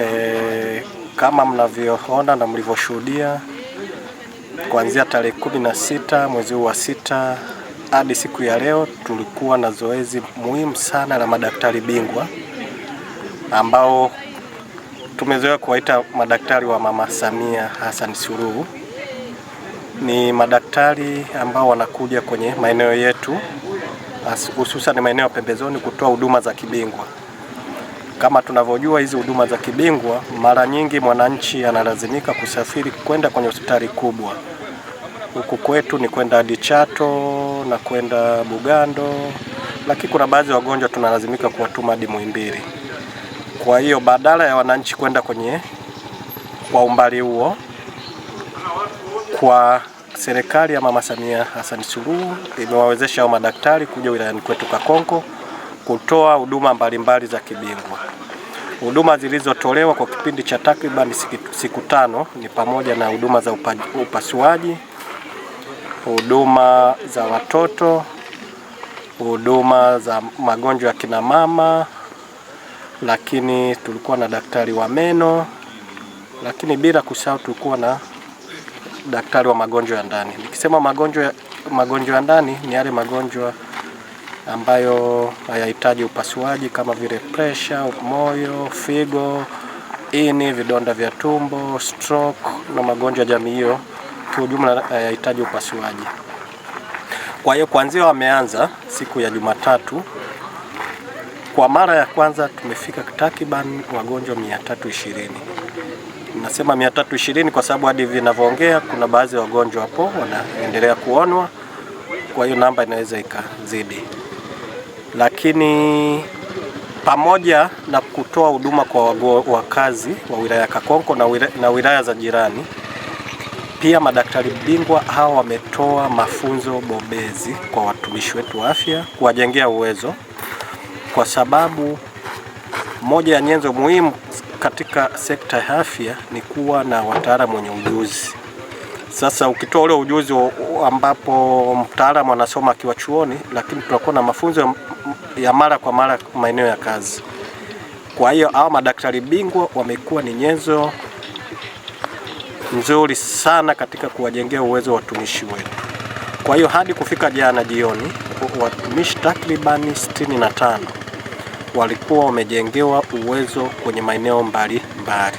E, kama mnavyoona na mlivyoshuhudia kuanzia tarehe kumi na sita mwezi huu wa sita hadi siku ya leo tulikuwa na zoezi muhimu sana la madaktari bingwa ambao tumezoea kuwaita madaktari wa Mama Samia Hassan Suluhu. Ni madaktari ambao wanakuja kwenye maeneo yetu hususan maeneo ya pembezoni kutoa huduma za kibingwa. Kama tunavyojua hizi huduma za kibingwa, mara nyingi mwananchi analazimika kusafiri kwenda kwenye hospitali kubwa. Huku kwetu ni kwenda hadi Chato na kwenda Bugando, lakini kuna baadhi ya wagonjwa tunalazimika kuwatuma hadi Muhimbili. Kwa hiyo badala ya wananchi kwenda kwenye kwa umbali huo, kwa serikali ya Mama Samia Hassan Suluhu imewawezesha hao madaktari kuja wilayani kwetu Kakonko kutoa huduma mbalimbali za kibingwa. Huduma zilizotolewa kwa kipindi cha takriban siku tano ni pamoja na huduma za upa, upasuaji, huduma za watoto, huduma za magonjwa ya kina mama, lakini tulikuwa na daktari wa meno, lakini bila kusahau tulikuwa na daktari wa magonjwa ya ndani. Nikisema magonjwa magonjwa ya ndani ni yale magonjwa ambayo hayahitaji upasuaji kama vile presha, moyo, figo, ini, vidonda vya tumbo, stroke na magonjwa jamii hiyo kiujumla hayahitaji upasuaji. Kwa hiyo kuanzia wameanza siku ya Jumatatu, kwa mara ya kwanza tumefika takriban wagonjwa 320. Nasema 320 kwa sababu hadi vinavyoongea kuna baadhi ya wagonjwa hapo wanaendelea kuonwa, kwa hiyo namba inaweza ikazidi lakini pamoja na kutoa huduma kwa wakazi wa wilaya ya Kakonko na wilaya, na wilaya za jirani. Pia madaktari bingwa hawa wametoa mafunzo bobezi kwa watumishi wetu wa afya kuwajengea uwezo, kwa sababu moja ya nyenzo muhimu katika sekta ya afya ni kuwa na wataalamu wenye ujuzi. Sasa ukitoa ule ujuzi ambapo mtaalamu anasoma akiwa chuoni, lakini tunakuwa na mafunzo ya mara kwa mara maeneo ya kazi. Kwa hiyo hao madaktari bingwa wamekuwa ni nyenzo nzuri sana katika kuwajengea uwezo wa watumishi wetu. Kwa hiyo hadi kufika jana jioni, watumishi takribani 65 walikuwa wamejengewa uwezo kwenye maeneo mbalimbali.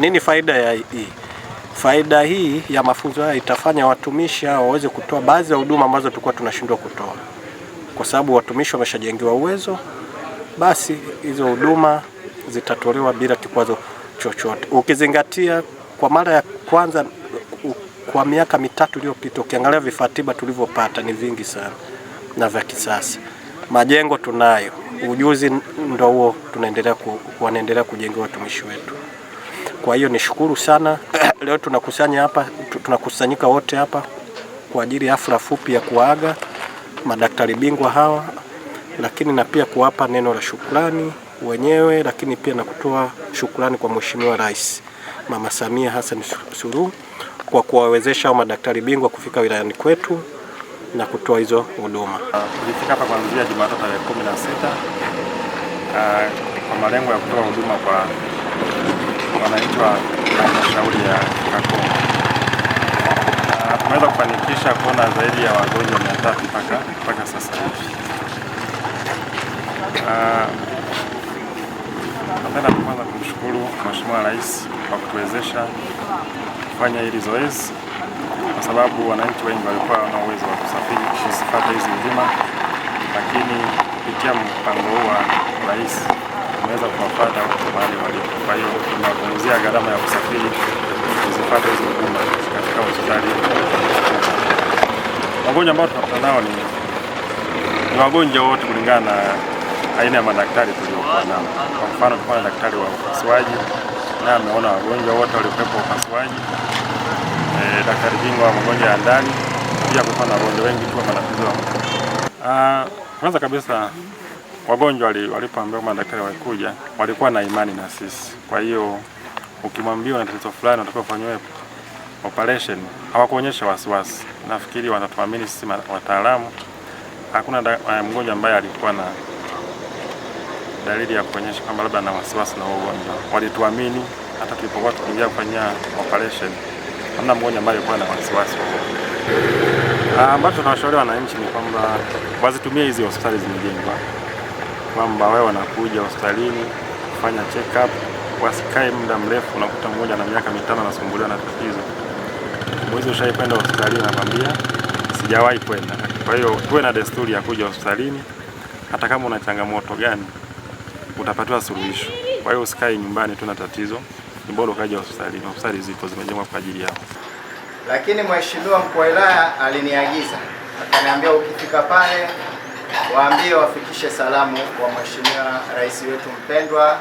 Nini faida ya hii? Faida hii ya mafunzo haya itafanya watumishi hao waweze kutoa baadhi ya huduma ambazo tulikuwa tunashindwa kutoa kwa sababu watumishi wameshajengewa uwezo, basi hizo huduma zitatolewa bila kikwazo chochote, ukizingatia kwa mara ya kwanza kwa miaka mitatu iliyopita, ukiangalia vifaa tiba tulivyopata ni vingi sana na vya kisasa. Majengo tunayo, ujuzi ndo huo tunaendelea ku, wanaendelea watumishi wetu. Kwa hiyo nishukuru sana leo tunakusanya hapa, tunakusanyika wote hapa kwa ajili ya hafla fupi ya kuaga madaktari bingwa hawa, lakini na pia kuwapa neno la shukrani wenyewe, lakini pia na kutoa shukrani kwa Mheshimiwa Rais Mama Samia Hassan Suluhu kwa kuwawezesha hao madaktari bingwa kufika wilayani kwetu na kutoa hizo huduma. Tulifika hapa kuanzia Jumatatu tarehe 16 ah, kwa malengo ya kutoa huduma kwa wananchi wa halmashauri ya Kakonko tumeweza kufanikisha kuona zaidi ya wagonjwa mia tatu mpaka mpaka sasa hivi. Ah, napenda kwanza kumshukuru Mheshimiwa Rais kwa kutuwezesha kufanya hili zoezi, kwa sababu wananchi wengi walikuwa wana uwezo wa kusafiri kuzipata hizi huduma, lakini kupitia mpango huu wa Rais tumeweza kuwapata mahali walipo. Kwa hiyo tunapunguzia gharama ya kusafiri kuzipata hizi huduma katika hospitali wagonjwa ambao tunakuta nao ni, ni wagonjwa wote kulingana na aina ya madaktari tuliokuwa nao. Kwa mfano tulikuwa na daktari wa upasuaji naye ameona wagonjwa wote waliokuwepo upasuaji. E, daktari bingwa wa magonjwa ya ndani pia kulikuwa na wagonjwa wengi tu wa matatizo ah, kwanza kabisa wagonjwa walipoambiwa madaktari walikuja walikuwa na imani na sisi, kwa hiyo ukimwambia una tatizo fulani unatakiwa ufanyiwe operation hawakuonyesha wasiwasi. Nafikiri wanatuamini sisi wataalamu. Hakuna eh, mgonjwa ambaye alikuwa na dalili ya kuonyesha kwamba labda na wasiwasi na ugonjwa. Walituamini hata tulipokuwa tukiingia kufanya operation, hamna mgonjwa ambaye alikuwa na wasiwasi wa ah, ugonjwa. ambacho tunawashauri wananchi ni kwamba wazitumie hizi hospitali zimejengwa, kwamba wao wanakuja hospitalini kufanya check up, wasikae muda mrefu. Unakuta mmoja na miaka mitano anasumbuliwa na tatizo mwizi ushaipenda hospitalini? Nakwambia sijawahi kwenda. Kwa hiyo tuwe na desturi ya kuja hospitalini, hata kama una changamoto gani utapatiwa suluhisho. Kwa hiyo usikae nyumbani tu na tatizo, ni bora ukaja hospitalini. Hospitali zipo zimejengwa kwa ajili yao. Lakini mheshimiwa mkuu wa wilaya aliniagiza akaniambia, ukifika pale waambie wafikishe salamu kwa mheshimiwa rais wetu mpendwa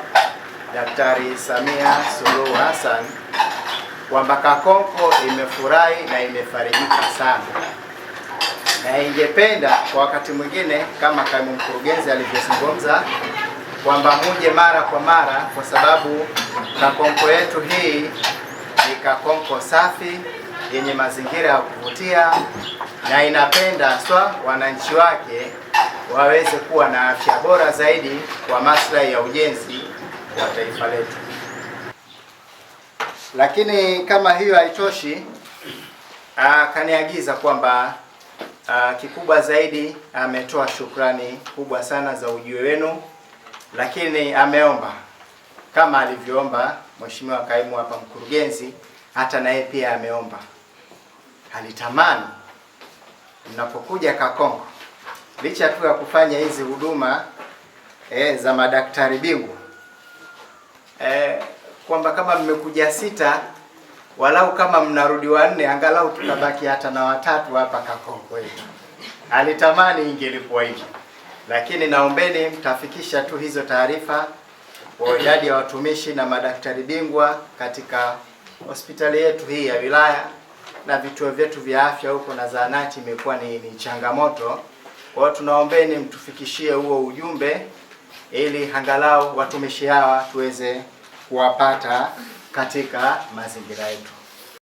Daktari Samia Suluhu Hassan kwamba Kakonko imefurahi na imefarijika sana, na ingependa kwa wakati mwingine kama kaimu mkurugenzi alivyozungumza kwamba muje mara kwa mara, kwa sababu Kakonko yetu hii ni Kakonko safi yenye mazingira ya kuvutia na inapenda haswa wananchi wake waweze kuwa na afya bora zaidi kwa maslahi ya ujenzi wa taifa letu. Lakini kama hiyo haitoshi, ah, akaniagiza kwamba ah, kikubwa zaidi, ametoa shukrani kubwa sana za ujio wenu, lakini ameomba kama alivyoomba mheshimiwa kaimu hapa mkurugenzi, hata naye pia ameomba, alitamani mnapokuja Kakonko, licha tu ya kufanya hizi huduma e, za madaktari bingwa e, kwamba kama mmekuja sita, walau kama mnarudi wanne, angalau tukabaki hata na watatu hapa Kakonko yetu. Alitamani ingelikuwa hivyo, lakini naombeni mtafikisha tu hizo taarifa kwa idadi ya watumishi na madaktari bingwa katika hospitali yetu hii ya wilaya na vituo vyetu vya afya huko na zahanati. Imekuwa ni, ni changamoto. Kwa hiyo tunaombeni mtufikishie huo ujumbe ili angalau watumishi hawa tuweze kuwapata katika mazingira yetu.